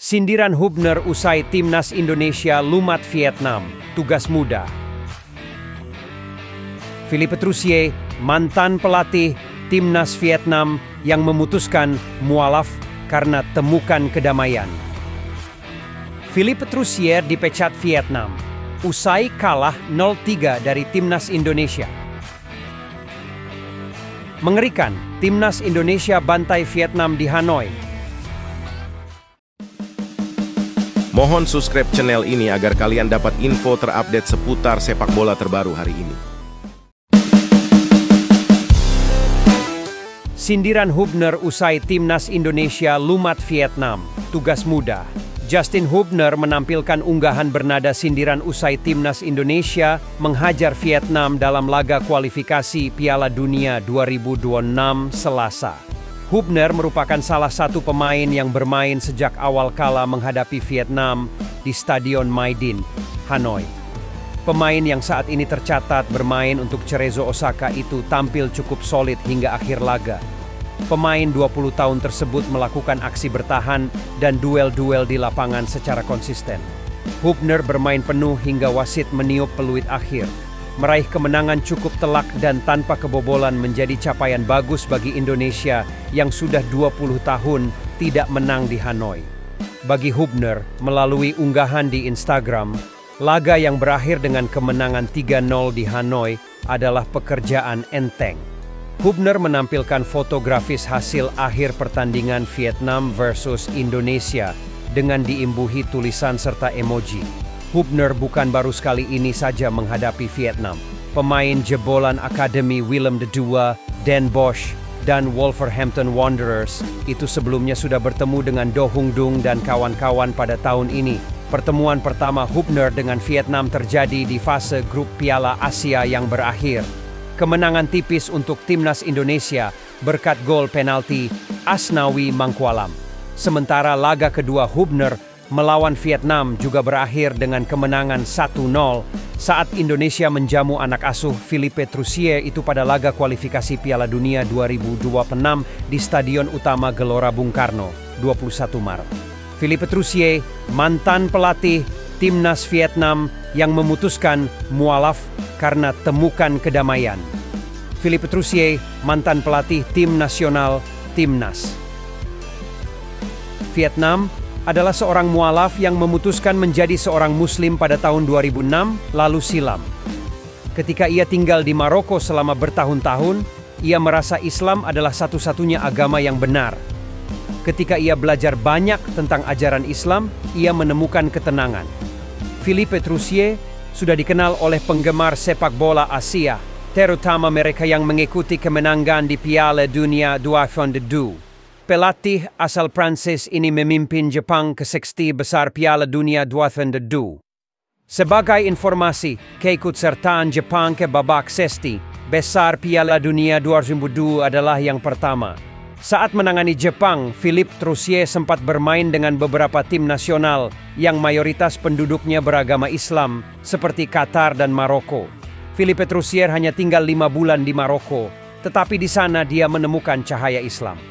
Sindiran Hubner usai timnas Indonesia lumat Vietnam, tugas muda. Philippe Trussier, mantan pelatih timnas Vietnam yang memutuskan mualaf karena temukan kedamaian. Philippe Trussier dipecat Vietnam, usai kalah 0-3 dari timnas Indonesia. Mengerikan, timnas Indonesia bantai Vietnam di Hanoi Mohon subscribe channel ini agar kalian dapat info terupdate seputar sepak bola terbaru hari ini. Sindiran Hubner usai timnas Indonesia lumat Vietnam, tugas mudah. Justin Hubner menampilkan unggahan bernada sindiran usai timnas Indonesia menghajar Vietnam dalam laga kualifikasi Piala Dunia 2026 Selasa. Hubner merupakan salah satu pemain yang bermain sejak awal kala menghadapi Vietnam di Stadion Maidin, Hanoi. Pemain yang saat ini tercatat bermain untuk Cerezo Osaka itu tampil cukup solid hingga akhir laga. Pemain 20 tahun tersebut melakukan aksi bertahan dan duel-duel di lapangan secara konsisten. Hubner bermain penuh hingga wasit meniup peluit akhir. Meraih kemenangan cukup telak dan tanpa kebobolan menjadi capaian bagus bagi Indonesia yang sudah 20 tahun tidak menang di Hanoi. Bagi Hubner, melalui unggahan di Instagram, laga yang berakhir dengan kemenangan 3-0 di Hanoi adalah pekerjaan enteng. Hubner menampilkan fotografis hasil akhir pertandingan Vietnam versus Indonesia dengan diimbuhi tulisan serta emoji. Hubner bukan baru sekali ini saja menghadapi Vietnam. Pemain jebolan Akademi Willem II, Dan Bosch, dan Wolverhampton Wanderers itu sebelumnya sudah bertemu dengan Do Hung Dung dan kawan-kawan pada tahun ini. Pertemuan pertama Hubner dengan Vietnam terjadi di fase grup Piala Asia yang berakhir. Kemenangan tipis untuk timnas Indonesia berkat gol penalti Asnawi Mangkualam. Sementara laga kedua Hubner melawan Vietnam juga berakhir dengan kemenangan 1-0 saat Indonesia menjamu anak asuh Philippe Trussier itu pada laga kualifikasi Piala Dunia 2026 di Stadion Utama Gelora Bung Karno, 21 Maret. Philippe Trussier, mantan pelatih timnas Vietnam yang memutuskan mualaf karena temukan kedamaian. Philippe Trussier, mantan pelatih tim nasional Timnas. Vietnam adalah seorang mualaf yang memutuskan menjadi seorang muslim pada tahun 2006 lalu silam. Ketika ia tinggal di Maroko selama bertahun-tahun, ia merasa Islam adalah satu-satunya agama yang benar. Ketika ia belajar banyak tentang ajaran Islam, ia menemukan ketenangan. Philippe Trussier sudah dikenal oleh penggemar sepak bola Asia, terutama mereka yang mengikuti kemenangan di Piala Dunia 2002 pelatih asal Prancis ini memimpin Jepang ke 60 besar Piala Dunia 2002. Sebagai informasi, keikutsertaan Jepang ke babak 60 besar Piala Dunia 2002 adalah yang pertama. Saat menangani Jepang, Philippe Troussier sempat bermain dengan beberapa tim nasional yang mayoritas penduduknya beragama Islam, seperti Qatar dan Maroko. Philippe Troussier hanya tinggal lima bulan di Maroko, tetapi di sana dia menemukan cahaya Islam.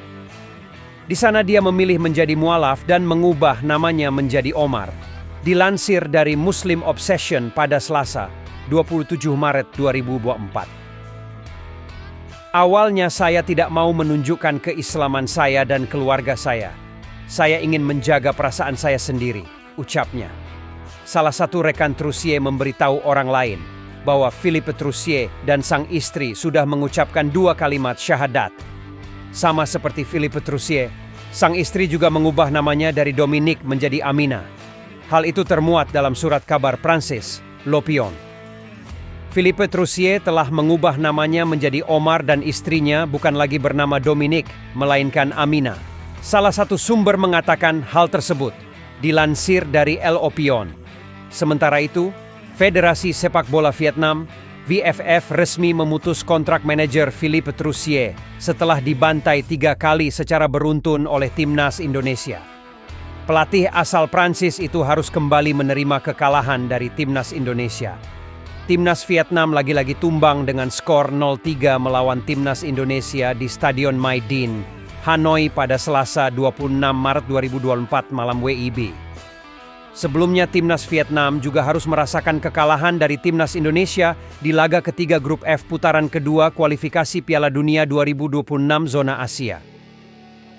Di sana dia memilih menjadi mualaf dan mengubah namanya menjadi Omar. Dilansir dari Muslim Obsession pada Selasa, 27 Maret 2024. Awalnya saya tidak mau menunjukkan keislaman saya dan keluarga saya. Saya ingin menjaga perasaan saya sendiri, ucapnya. Salah satu rekan Trusier memberitahu orang lain bahwa Philippe Trusier dan sang istri sudah mengucapkan dua kalimat syahadat sama seperti Philippe Trussier, sang istri juga mengubah namanya dari Dominique menjadi Amina. Hal itu termuat dalam surat kabar Prancis, L'Opion. Philippe Trussier telah mengubah namanya menjadi Omar dan istrinya bukan lagi bernama Dominique, melainkan Amina. Salah satu sumber mengatakan hal tersebut dilansir dari El Opion. Sementara itu, Federasi Sepak Bola Vietnam VFF resmi memutus kontrak manajer Philippe Trussier setelah dibantai tiga kali secara beruntun oleh timnas Indonesia. Pelatih asal Prancis itu harus kembali menerima kekalahan dari timnas Indonesia. Timnas Vietnam lagi-lagi tumbang dengan skor 0-3 melawan timnas Indonesia di Stadion Maidin, Hanoi pada Selasa 26 Maret 2024 malam WIB. Sebelumnya timnas Vietnam juga harus merasakan kekalahan dari timnas Indonesia di laga ketiga grup F putaran kedua kualifikasi Piala Dunia 2026 zona Asia.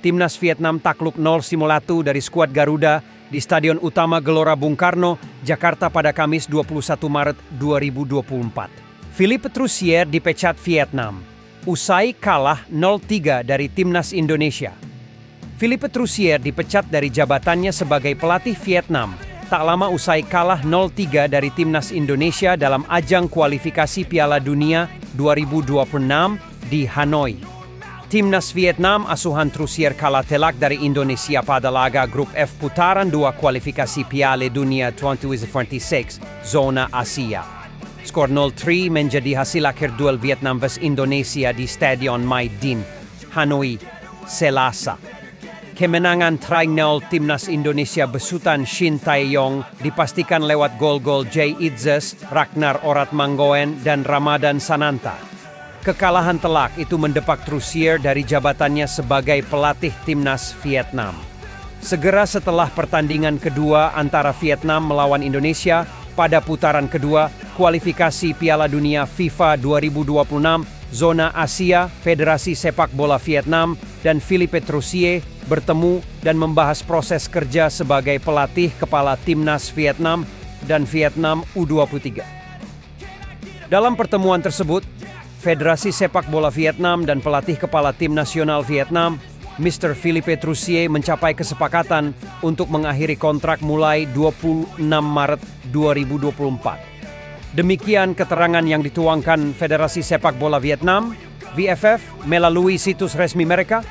Timnas Vietnam takluk 0 simulatu dari skuad Garuda di Stadion Utama Gelora Bung Karno, Jakarta pada Kamis 21 Maret 2024. Philippe Trussier dipecat Vietnam, usai kalah 0-3 dari timnas Indonesia. Philippe Trussier dipecat dari jabatannya sebagai pelatih Vietnam tak lama usai kalah 0-3 dari timnas Indonesia dalam ajang kualifikasi Piala Dunia 2026 di Hanoi. Timnas Vietnam asuhan Trussier kalah telak dari Indonesia pada laga grup F putaran dua kualifikasi Piala Dunia 2026 zona Asia. Skor 0-3 menjadi hasil akhir duel Vietnam vs Indonesia di Stadion Mai Maidin, Hanoi, Selasa. Kemenangan 3 nol Timnas Indonesia besutan Shin Taeyong dipastikan lewat gol-gol Jay Itzes, Ragnar Orat Manggoen, dan Ramadan Sananta. Kekalahan telak itu mendepak Trusier dari jabatannya sebagai pelatih Timnas Vietnam. Segera setelah pertandingan kedua antara Vietnam melawan Indonesia, pada putaran kedua kualifikasi Piala Dunia FIFA 2026 Zona Asia Federasi Sepak Bola Vietnam dan Philippe Trussier bertemu dan membahas proses kerja sebagai pelatih kepala timnas Vietnam dan Vietnam U23. Dalam pertemuan tersebut, Federasi Sepak Bola Vietnam dan pelatih kepala tim nasional Vietnam, Mr. Philippe Trussier mencapai kesepakatan untuk mengakhiri kontrak mulai 26 Maret 2024. Demikian keterangan yang dituangkan Federasi Sepak Bola Vietnam, VFF, melalui situs resmi mereka.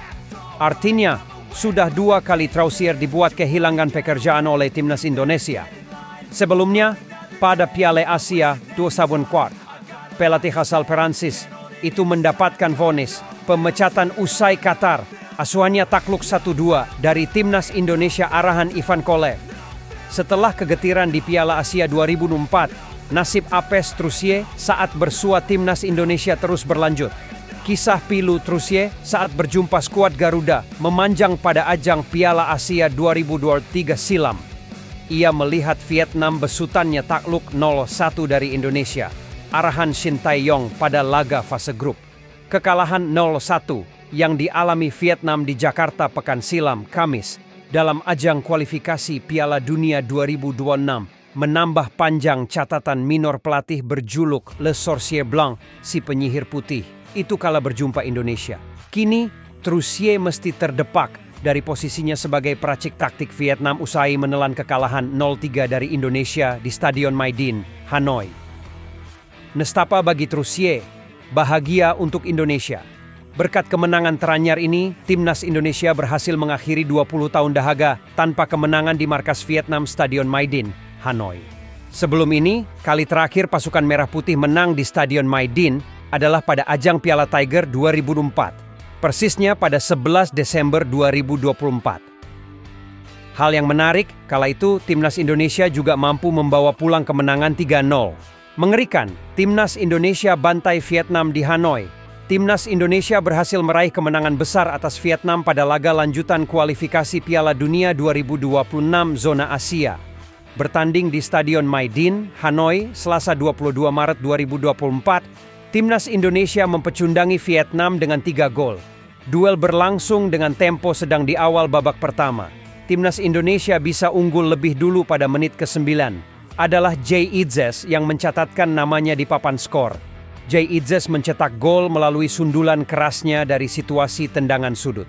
Artinya, sudah dua kali Trausier dibuat kehilangan pekerjaan oleh timnas Indonesia. Sebelumnya, pada Piala Asia 2004, pelatih asal Perancis itu mendapatkan vonis pemecatan usai Qatar. Asuhannya takluk 1-2 dari timnas Indonesia arahan Ivan Kolev. Setelah kegetiran di Piala Asia 2004, nasib Apes Trusier saat bersua timnas Indonesia terus berlanjut. Kisah pilu Trusye saat berjumpa skuad Garuda memanjang pada ajang Piala Asia 2023 silam. Ia melihat Vietnam besutannya takluk 0-1 dari Indonesia. Arahan Shin Tae-yong pada laga fase grup. Kekalahan 0-1 yang dialami Vietnam di Jakarta pekan silam Kamis dalam ajang kualifikasi Piala Dunia 2026 menambah panjang catatan minor pelatih berjuluk Le Sorcier Blanc, si penyihir putih itu kala berjumpa Indonesia. Kini, Trussier mesti terdepak dari posisinya sebagai peracik taktik Vietnam usai menelan kekalahan 0-3 dari Indonesia di Stadion Maidin, Hanoi. Nestapa bagi Trussier, bahagia untuk Indonesia. Berkat kemenangan teranyar ini, timnas Indonesia berhasil mengakhiri 20 tahun dahaga tanpa kemenangan di markas Vietnam Stadion Maidin, Hanoi. Sebelum ini, kali terakhir pasukan Merah Putih menang di Stadion Maidin adalah pada ajang Piala Tiger 2004, persisnya pada 11 Desember 2024. Hal yang menarik, kala itu timnas Indonesia juga mampu membawa pulang kemenangan 3-0. Mengerikan, timnas Indonesia bantai Vietnam di Hanoi. Timnas Indonesia berhasil meraih kemenangan besar atas Vietnam pada laga lanjutan kualifikasi Piala Dunia 2026 zona Asia. Bertanding di Stadion Maidin, Hanoi, Selasa 22 Maret 2024, Timnas Indonesia mempecundangi Vietnam dengan tiga gol. Duel berlangsung dengan tempo sedang di awal babak pertama. Timnas Indonesia bisa unggul lebih dulu pada menit ke-9. Adalah Jay Idzes yang mencatatkan namanya di papan skor. Jay Idzes mencetak gol melalui sundulan kerasnya dari situasi tendangan sudut.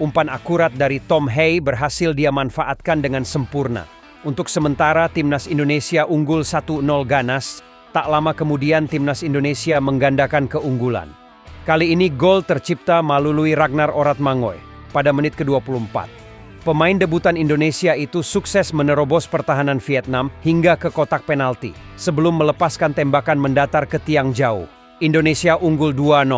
Umpan akurat dari Tom Hay berhasil dia manfaatkan dengan sempurna. Untuk sementara, Timnas Indonesia unggul 1-0 ganas Tak lama kemudian timnas Indonesia menggandakan keunggulan. Kali ini gol tercipta melalui Ragnar Oratmangoy pada menit ke-24. Pemain debutan Indonesia itu sukses menerobos pertahanan Vietnam hingga ke kotak penalti sebelum melepaskan tembakan mendatar ke tiang jauh. Indonesia unggul 2-0.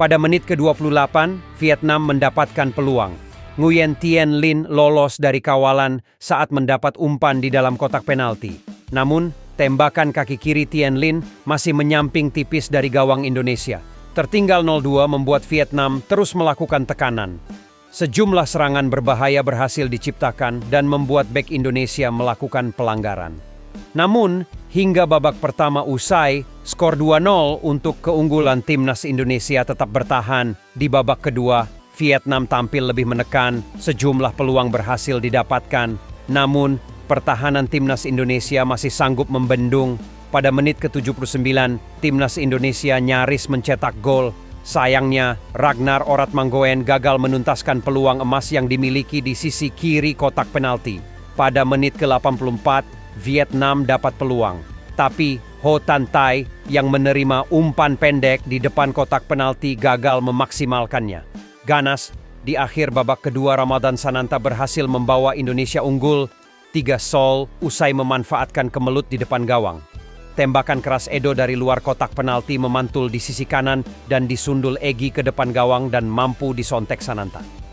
Pada menit ke-28, Vietnam mendapatkan peluang. Nguyen Tien Lin lolos dari kawalan saat mendapat umpan di dalam kotak penalti. Namun, Tembakan kaki kiri Tien Lin masih menyamping tipis dari gawang Indonesia. Tertinggal 0-2 membuat Vietnam terus melakukan tekanan. Sejumlah serangan berbahaya berhasil diciptakan dan membuat bek Indonesia melakukan pelanggaran. Namun, hingga babak pertama usai, skor 2-0 untuk keunggulan timnas Indonesia tetap bertahan. Di babak kedua, Vietnam tampil lebih menekan, sejumlah peluang berhasil didapatkan. Namun, Pertahanan timnas Indonesia masih sanggup membendung. Pada menit ke-79, timnas Indonesia nyaris mencetak gol. Sayangnya, Ragnar Orat Manggoen gagal menuntaskan peluang emas yang dimiliki di sisi kiri kotak penalti. Pada menit ke-84, Vietnam dapat peluang. Tapi Ho Tan Tai yang menerima umpan pendek di depan kotak penalti gagal memaksimalkannya. Ganas, di akhir babak kedua Ramadan Sananta berhasil membawa Indonesia unggul ketiga Sol usai memanfaatkan kemelut di depan gawang. Tembakan keras Edo dari luar kotak penalti memantul di sisi kanan dan disundul Egi ke depan gawang dan mampu disontek Sananta.